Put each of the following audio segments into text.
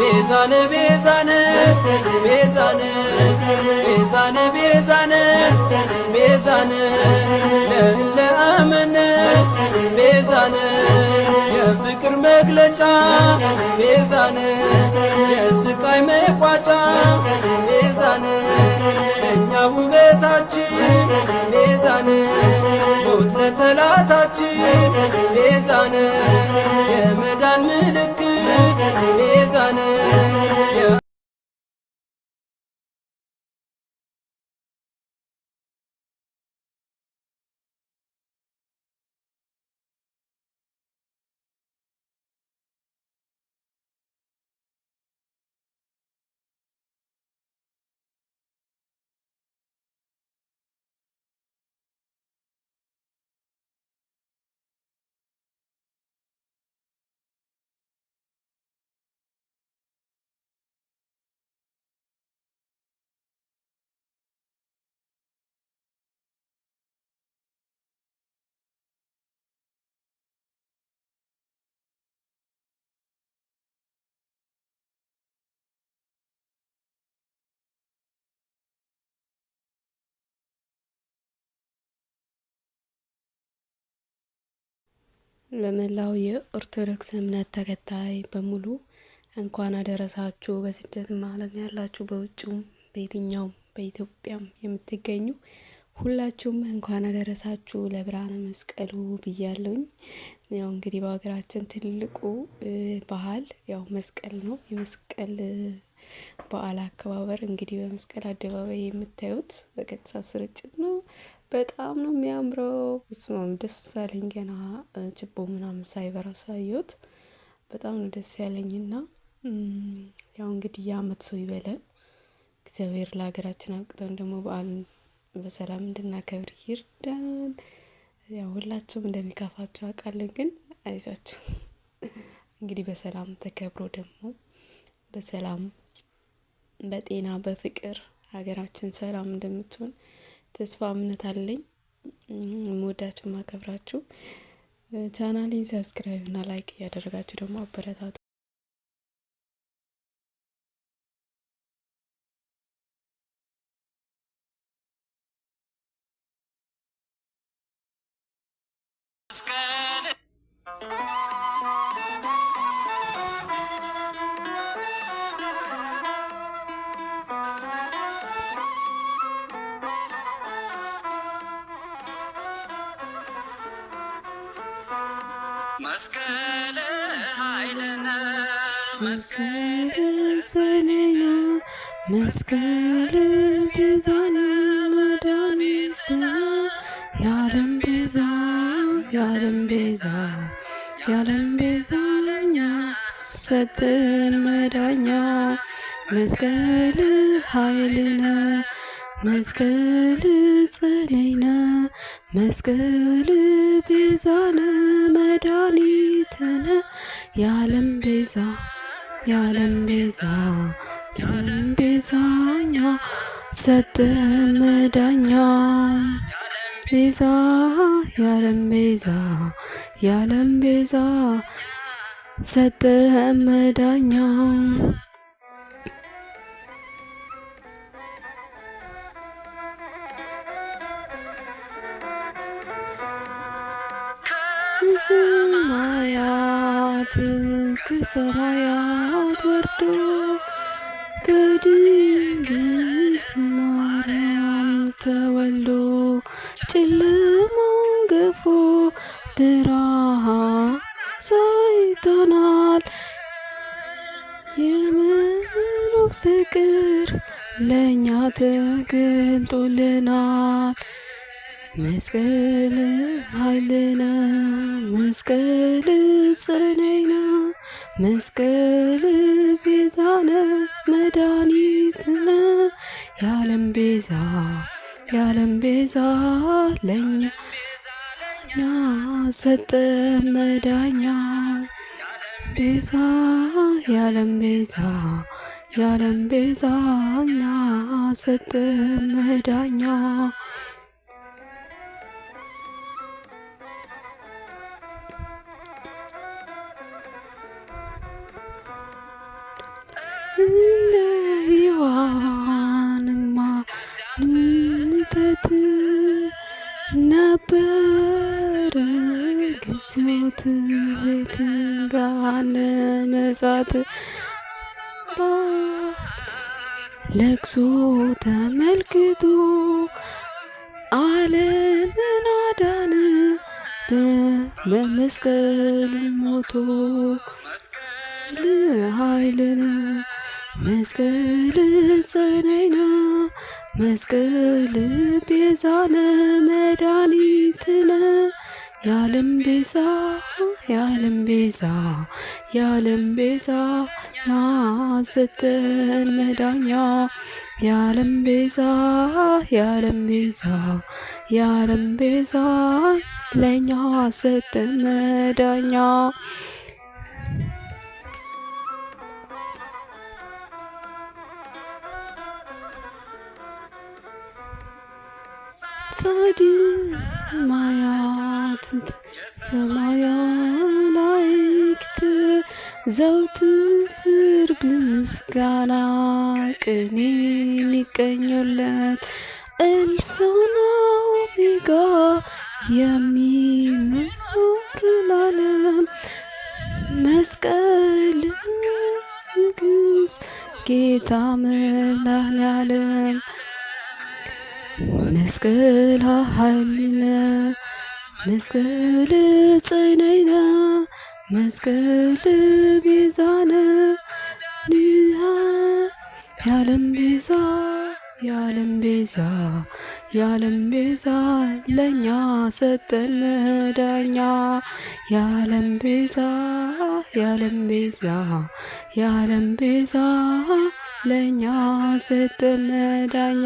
ቤዛነ ቤዛነ ቤዛነ ቤዛነ ቤዛነ ቤዛነ ለህለ አመነ ቤዛነ የፍቅር መግለጫ ቤዛነ የስቃይ መቋጫ ቤዛነ እኛ ውበታችን ቤዛነ ሞት ለጠላታችን ቤዛነ የመዳን ምልክት ሚዛን ለመላው የኦርቶዶክስ እምነት ተከታይ በሙሉ እንኳን አደረሳችሁ። በስደት ዓለም ያላችሁ በውጭም በየትኛውም በኢትዮጵያም የምትገኙ ሁላችሁም እንኳን አደረሳችሁ ለብርሃነ መስቀሉ ብያለውኝ ያው እንግዲህ በሀገራችን ትልቁ ባህል ያው መስቀል ነው። የመስቀል በዓል አከባበር እንግዲህ በመስቀል አደባባይ የምታዩት በቀጥታ ስርጭት ነው። በጣም ነው የሚያምረው። ስማም ደስ ያለኝ ገና ችቦ ምናምን ሳይበራ ሳየሁት በጣም ነው ደስ ያለኝና ያው እንግዲህ የአመት ሰው ይበለን። እግዚአብሔር ለሀገራችን አብቅተን ደግሞ በዓልን በሰላም እንድናከብር ይርዳን። ያው ሁላችሁም እንደሚከፋችሁ አውቃለን፣ ግን አይዛችሁ እንግዲህ በሰላም ተከብሮ ደግሞ በሰላም በጤና በፍቅር ሀገራችን ሰላም እንደምትሆን ተስፋ እምነት አለኝ። የምወዳችሁ ማከብራችሁ ቻናሌን ሰብስክራይብ እና ላይክ እያደረጋችሁ ደግሞ አበረታቱ መስቀል ኃይልነ መስቀል ጽንዕነ መስቀል ቤዛነ መድኃኒትነ የዓለም ቤዛ የዓለም ቤዛ የዓለም ቤዛ ለኛ ሰጠን መዳኛ መስቀል ኃይልነ መስቀል ጽንዕነ መስቀል ቤዛነ መድኃኒትነ የዓለም ቤዛ የዓለም ቤዛ የዓለም ቤዛኛ ሰጠ መዳኛ ቤዛ የዓለም ቤዛ የዓለም ቤዛ ሰጠ መዳኛ ከሰማያት ከሰማያት ወርዶ ከድንግል ማርያም ተወልዶ ጨለማን ገፎ ብርሃን አሳይቶናል። የምሩ ፍቅር ለእኛ ተገልጦልናል። መስቀል ኃይልና መስቀል ጽናይና መስቀል ቤዛነ መድኃኒትነ ያለም ቤዛ ያለም ቤዛ ለኛ ና ሰጠ መዳኛ ቤዛ ያለም ቤዛ ያለም ቤዛ ኛ ሰጠ መዳኛ ሰዓት ነበረ ጊዜዎት ቤት ብርሃነ መሳት ለቅሶ ተመልክቶ ዓለምን አዳነ በመስቀል ሞቶ ኃይልነ መስቀል ጸናይና መስቀል ቤዛነ መድኃኒትነ የዓለም ቤዛ የዓለም ቤዛ የዓለም ቤዛ ናሰተን መዳኛ የዓለም ቤዛ የዓለም ቤዛ የዓለም ቤዛ ለእኛ ሰጠን መዳኛ ታዲ ማያት ሰማያ ዘውትር ብምስጋና ቅኔ ሊቀኙለት እልፍና ኦሜጋ የሚኖር ላለም መስቀል ንግስ ጌታ መላል ያለም መስቀል ኃይልነ መስቀል ጽናይነ መስቀል ቤዛነ ቤዛ ያለም ቤዛ ያለም ቤዛ ያለም ቤዛ ለእኛ ሰጠን ዳኛ ያለም ቤዛ ያለም ቤዛ ያለም ቤዛ ለእኛ ሰጠን ዳኛ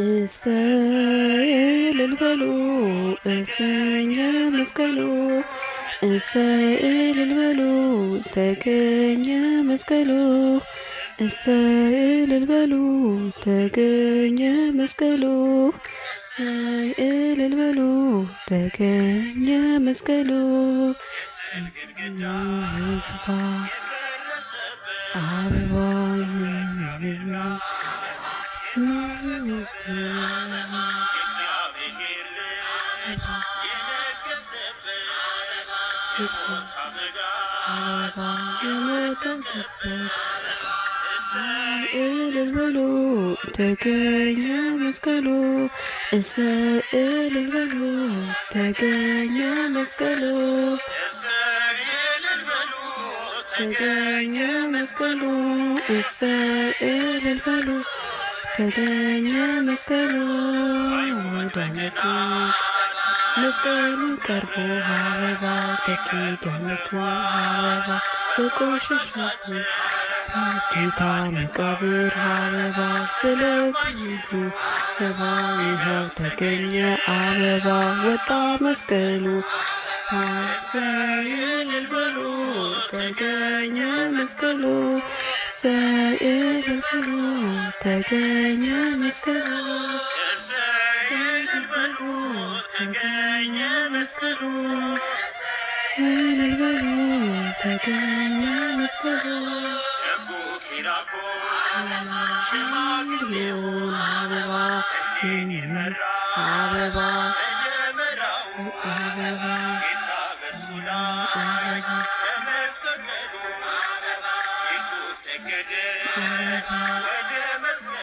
እሰይ እልል በሉ እሰየ መስቀሉ እሰይ እልል ተገኘ መስቀሉ እሰይ እልል ተገኘ መስቀሉ እሰይ እልል ተገኘ መስቀሉ አበባ እልል በሉ ተገኘ መስቀሉ እሰ እልል በሉ ተገኘ መስቀሉ ተገኘ መስቀሉ እልል በሉ ተገኘ መስቀሉ ደመቀ መስቀሉ ቀርቦ አበባ በኪዳነቱ አበባ በቆሸሽ ጌታ መቃብር አበባ ስለትይቱ አበባ ይኸው ተገኘ አበባ ወጣ መስቀሉ አሰይን በሉ ተገኘ መስቀሉ ከሰይል በሉ ተገኘ መስቀሉ ከሰይል በሉ ተገኘ መስቀሉ ከሰይል በሉ ተገኘ መስቀሉ ደጉ ኪራኮ ሽማግሌውን አበባ እኔን የመራ አበባ የመራው አበባ ጌታ በሱ ላይ ተመሰቀሉ ሰገደ ወደ መስቀል